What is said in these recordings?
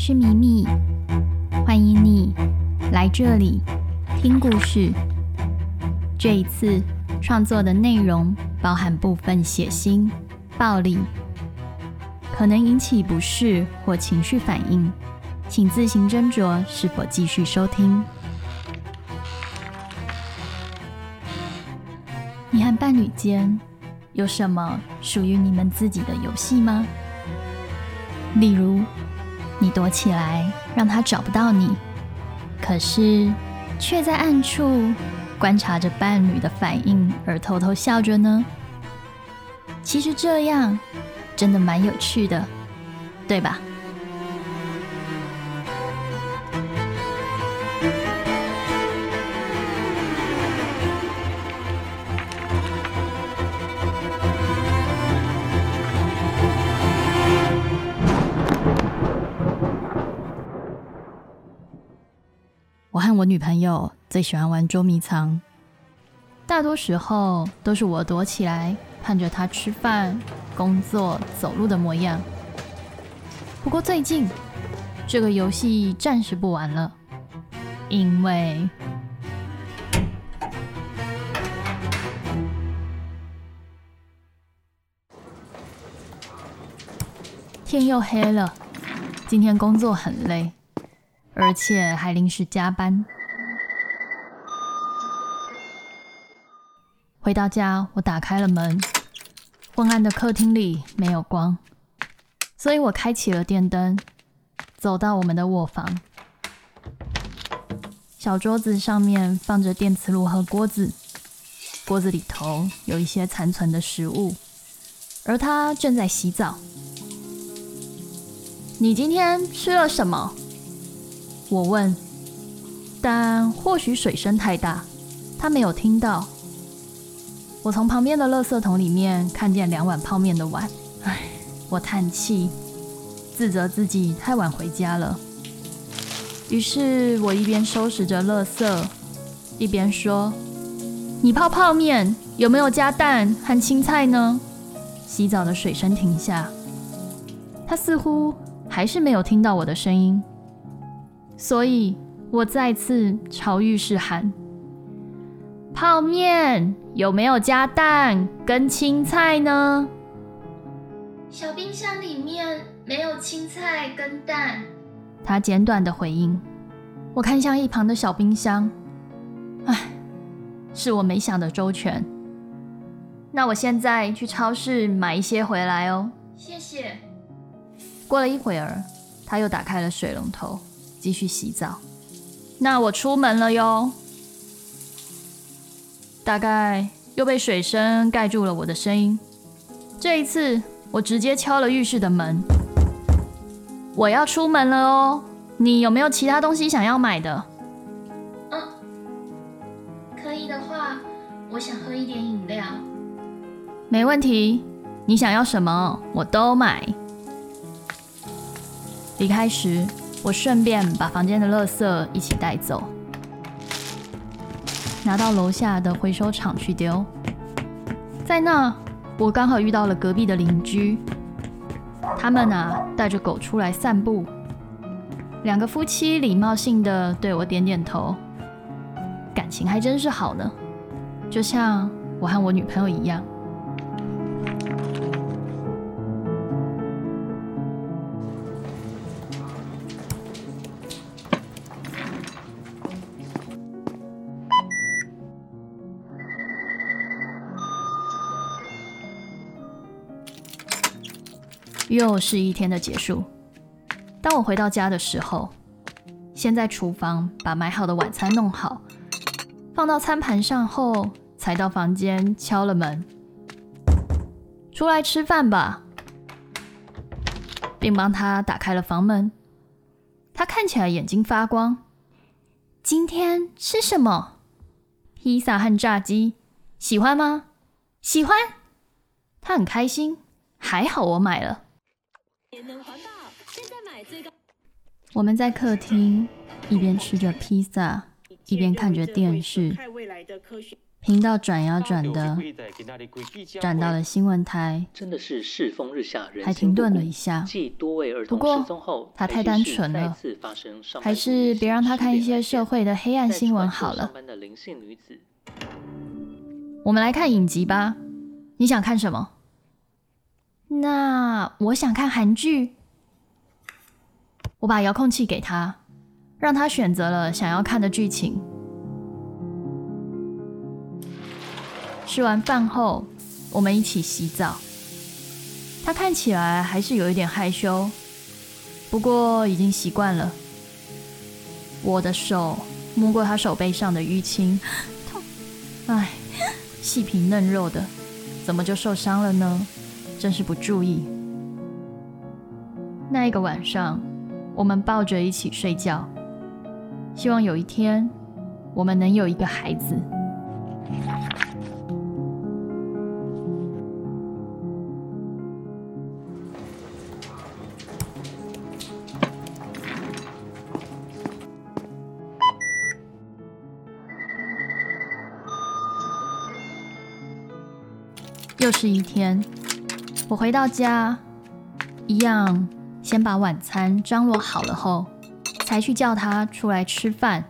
我是咪咪，歡迎你來這裡聽故事。這一次創作的內容包含部分血腥、暴力，可能引起不適或情緒反應，請自行斟酌是否繼續收聽。你和伴侶間有什麼屬於你們自己的遊戲嗎？例如，你躲起來，讓他找不到你，可是卻在暗處觀察着伴侶的反應而偷偷笑着呢。其實這樣真的蠻有趣的，對吧？我女朋友最喜歡玩捉迷藏，大多時候都是我躲起來，盼着她吃飯、工作、走路的模樣。不過最近這個遊戲暫時不玩了，因為天又黑了，今天工作很累。而且還臨時加班。回到家，我打開了門，昏暗的客廳裡沒有光，所以我開啟了電燈，走到我們的臥房。小桌子上面放着電磁爐和鍋子，鍋子裡頭有一些殘存的食物，而他正在洗澡。你今天吃了什麼？我問，但或許水聲太大，他沒有聽到。我從旁邊的垃圾桶裡面看見兩碗泡麵的碗，唉，我嘆氣，自責自己太晚回家了。於是我一邊收拾着垃圾，一邊說：“你泡泡麵有沒有加蛋和青菜呢？”洗澡的水聲停下，他似乎還是沒有聽到我的聲音。所以我再次朝浴室喊：“泡麵有沒有加蛋跟青菜呢？”小冰箱裡面沒有青菜跟蛋，他簡短的回應。我看向一旁的小冰箱，唉，是我沒想的周全。那我現在去超市買一些回來哦。謝謝。過了一會兒，他又打開了水龍頭。繼續洗澡。那我出門了喲。大概又被水聲蓋住了我的聲音。這一次，我直接敲了浴室的門。我要出門了哦，你有沒有其他東西想要買的？嗯、啊，可以的話，我想喝一點飲料。沒問題，你想要什麼我都買。離開時。我順便把房間的垃圾一起帶走，拿到樓下的回收場去丟。在那，我剛好遇到了隔壁的鄰居，他們啊帶着狗出來散步，兩個夫妻禮貌性的對我點點頭，感情還真是好呢，就像我和我女朋友一樣。又是一天的結束。當我回到家的時候，先在廚房把買好的晚餐弄好，放到餐盤上後，才到房間敲了門：“出來吃飯吧。”並幫他打開了房門。他看起來眼睛發光。今天吃什麼？披薩和炸雞，喜歡嗎？喜歡。他很開心。還好我買了。能環保，現在買。我們在客廳一邊吃着披薩，一邊看着電視，頻道轉呀轉的，轉到了新聞台，還停頓了一下。不過他太單純了，還是別讓他看一些社會的黑暗新聞好了。我們來看影集吧，你想看什麼？那我想看韓劇，我把遙控器給他，讓他選擇了想要看的劇情。吃完飯後，我們一起洗澡。他看起來還是有一點害羞，不過已經習慣了。我的手摸過他手背上的淤青，痛。唉，細皮嫩肉的，怎麼就受傷了呢？真是不注意。那一個晚上，我們抱着一起睡覺，希望有一天，我們能有一個孩子。 又是一天。我回到家，一樣先把晚餐張羅好了後，才去叫他出來吃飯。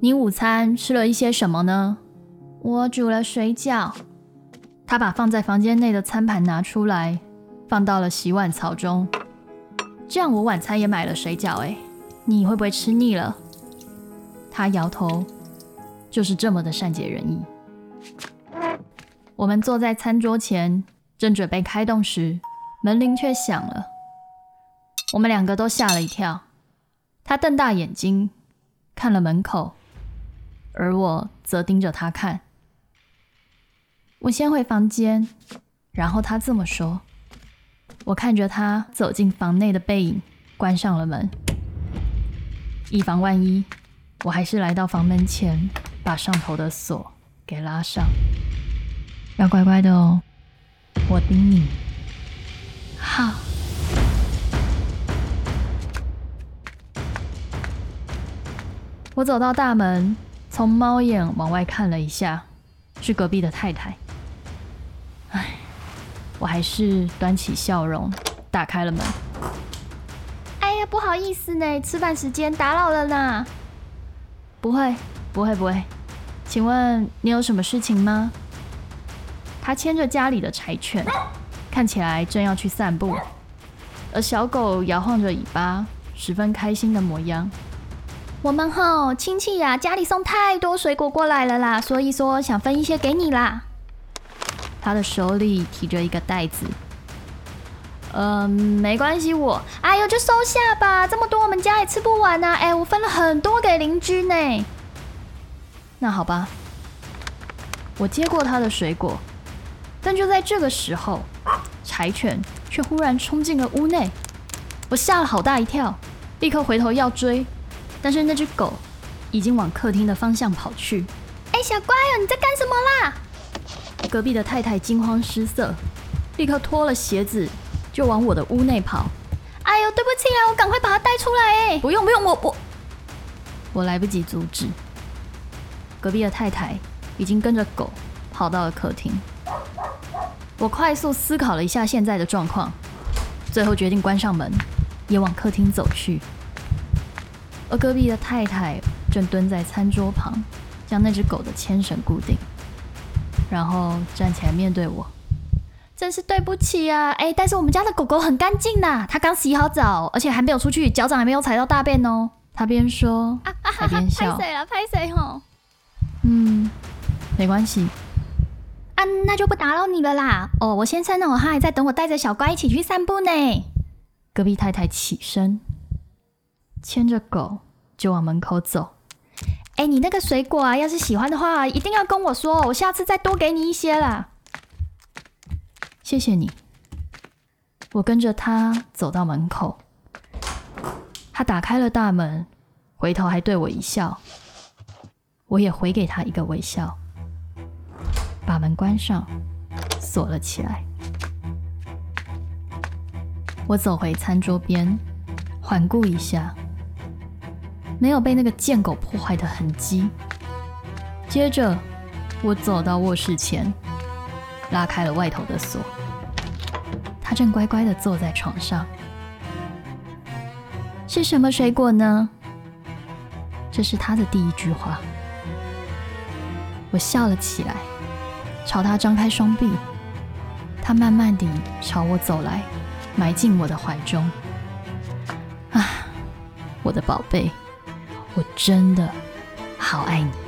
你午餐吃了一些什麼呢？我煮了水餃。他把放在房間內的餐盤拿出來，放到了洗碗槽中。這樣我晚餐也買了水餃，哎，你會不會吃膩了？他搖頭，就是這麼的善解人意。我們坐在餐桌前，正準備開動時，門鈴卻響了。我們兩個都嚇了一跳。他瞪大眼睛看了門口，而我則盯着他看。我先回房間，然後他這麼說。我看着他走進房內的背影，關上了門。以防萬一，我還是來到房門前，把上頭的鎖給拉上。要乖乖的哦，我盯你。好。我走到大門，從貓眼往外看了一下，是隔壁的太太。唉，我還是端起笑容，打開了門。哎呀，不好意思呢，吃飯時間打擾了呢。不會，不會，不會。請問你有什麼事情嗎？他牽着家裡的柴犬，看起來正要去散步，而小狗搖晃着尾巴，十分開心的模樣。我們齁，親戚呀、啊，家裡送太多水果過來了啦，所以說想分一些給你啦。他的手裡提着一個袋子。嗯、呃，沒關係，我哎呦就收下吧，這麼多我們家也吃不完啊。哎、欸，我分了很多給鄰居呢。那好吧，我接過他的水果。但就在這個時候，柴犬卻忽然衝進了屋內，我嚇了好大一跳，立刻回頭要追，但是那隻狗已經往客廳的方向跑去。哎、欸，小乖，你在幹什麼啦？隔壁的太太驚慌失色，立刻脫了鞋子就往我的屋內跑。哎呦，對不起啊，我趕快把它帶出來、欸。哎，不用不用，我我我來不及阻止，隔壁的太太已經跟着狗跑到了客廳。我快速思考了一下現在的狀況，最後決定關上門，也往客廳走去。而隔壁的太太正蹲在餐桌旁，將那隻狗的牽繩固定，然後站起來面對我：“真是對不起啊！哎、欸，但是我們家的狗狗很乾淨吶，它剛洗好澡，而且還沒有出去，腳掌還沒有踩到大便哦。他”他邊說，還邊笑，啊哈哈，歹勢啦，歹勢齁？」嗯，沒關係。嗯、啊，那就不打擾你了啦。哦、oh，我先生哦，他還在等我帶着小乖一起去散步呢。隔壁太太起身，牽着狗就往門口走。哎、欸，你那個水果啊，要是喜歡的話，一定要跟我說，我下次再多給你一些啦。謝謝你。我跟着他走到門口，他打開了大門，回頭還對我一笑，我也回給他一個微笑。把門關上，鎖了起來，我走回餐桌邊，環顧一下，沒有被那個賤狗破壞的痕跡。接着，我走到臥室前，拉開了外頭的鎖。他正乖乖的坐在床上。是什麼水果呢？這是他的第一句話。我笑了起來。朝他張開雙臂，他慢慢地朝我走來，埋進我的懷中。啊，我的寶貝，我真的好愛你。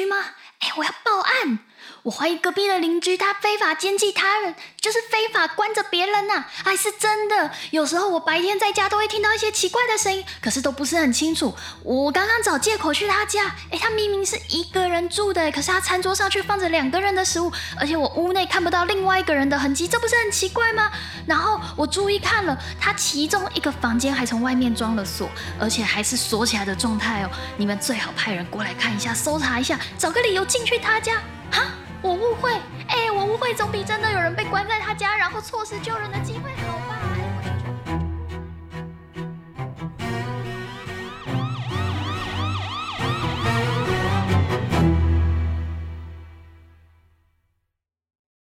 是嗎？哎，我要報案。我懷疑隔壁的鄰居，他非法監禁他人，就是非法關着別人吶、啊！哎、啊，是真的。有時候我白天在家都會聽到一些奇怪的聲音，可是都不是很清楚。我剛剛找借口去他家，哎，他明明是一個人住的，可是他餐桌上卻放着兩個人的食物，而且我屋內看不到另外一個人的痕跡，這不是很奇怪嗎？然後我注意看了，他其中一個房間還從外面裝了鎖，而且還是鎖起來的狀態哦。你們最好派人過來看一下，搜查一下，找個理由進去他家，哈。我誤會，哎，我誤會，總比真的有人被關在他家，然後錯失救人的機會好。